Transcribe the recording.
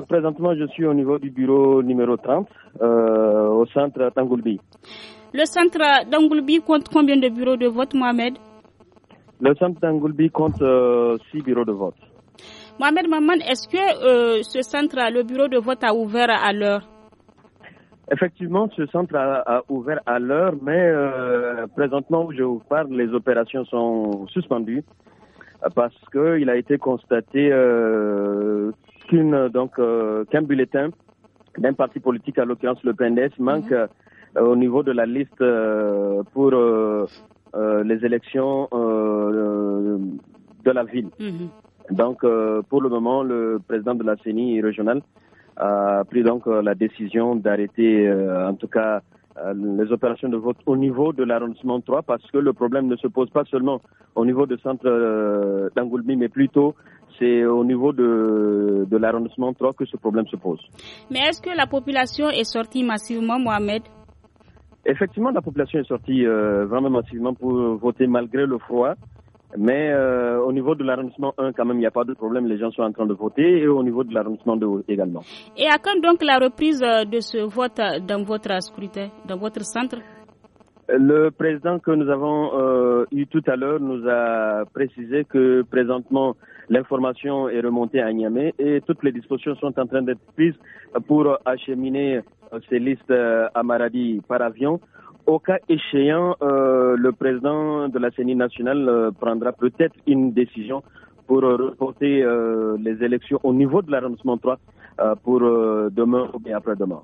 Euh, présentement, je suis au niveau du bureau numéro 30, euh, au centre d'Angoulbi. Le centre d'Angoulbi compte combien de bureaux de vote, Mohamed Le centre d'Angoulbi compte euh, six bureaux de vote. Mohamed Maman, est-ce que ce centre, le bureau de vote a ouvert à l'heure Effectivement, ce centre a, ouvert à l'heure, mais présentement je vous parle, les opérations sont suspendues parce qu'il a été constaté euh, euh, donc euh, qu'un bulletin d'un parti politique, à l'occurrence le PNDS, manque mhm. euh, au niveau de la liste pour les élections de la ville. Mhm. Donc, pour le moment, le président de la CENI régionale a pris donc la décision d'arrêter, en tout cas, les opérations de vote au niveau de l'arrondissement 3 parce que le problème ne se pose pas seulement au niveau du centre d'Angoulmi, mais plutôt c'est au niveau de, de l'arrondissement 3 que ce problème se pose. Mais est-ce que la population est sortie massivement, Mohamed Effectivement, la population est sortie euh, vraiment massivement pour voter malgré le froid. Mais euh, au niveau de l'arrondissement 1, quand même, il n'y a pas de problème. Les gens sont en train de voter et au niveau de l'arrondissement 2 également. Et à quand donc la reprise euh, de ce vote dans votre scrutin, dans votre centre le président que nous avons euh, eu tout à l'heure nous a précisé que présentement l'information est remontée à Niamey et toutes les dispositions sont en train d'être prises pour acheminer euh, ces listes euh, à Maradi par avion. Au cas échéant, le président de la CENI nationale prendra peut-être une décision pour reporter les élections au niveau de l'arrondissement 3 pour demain ou bien après-demain.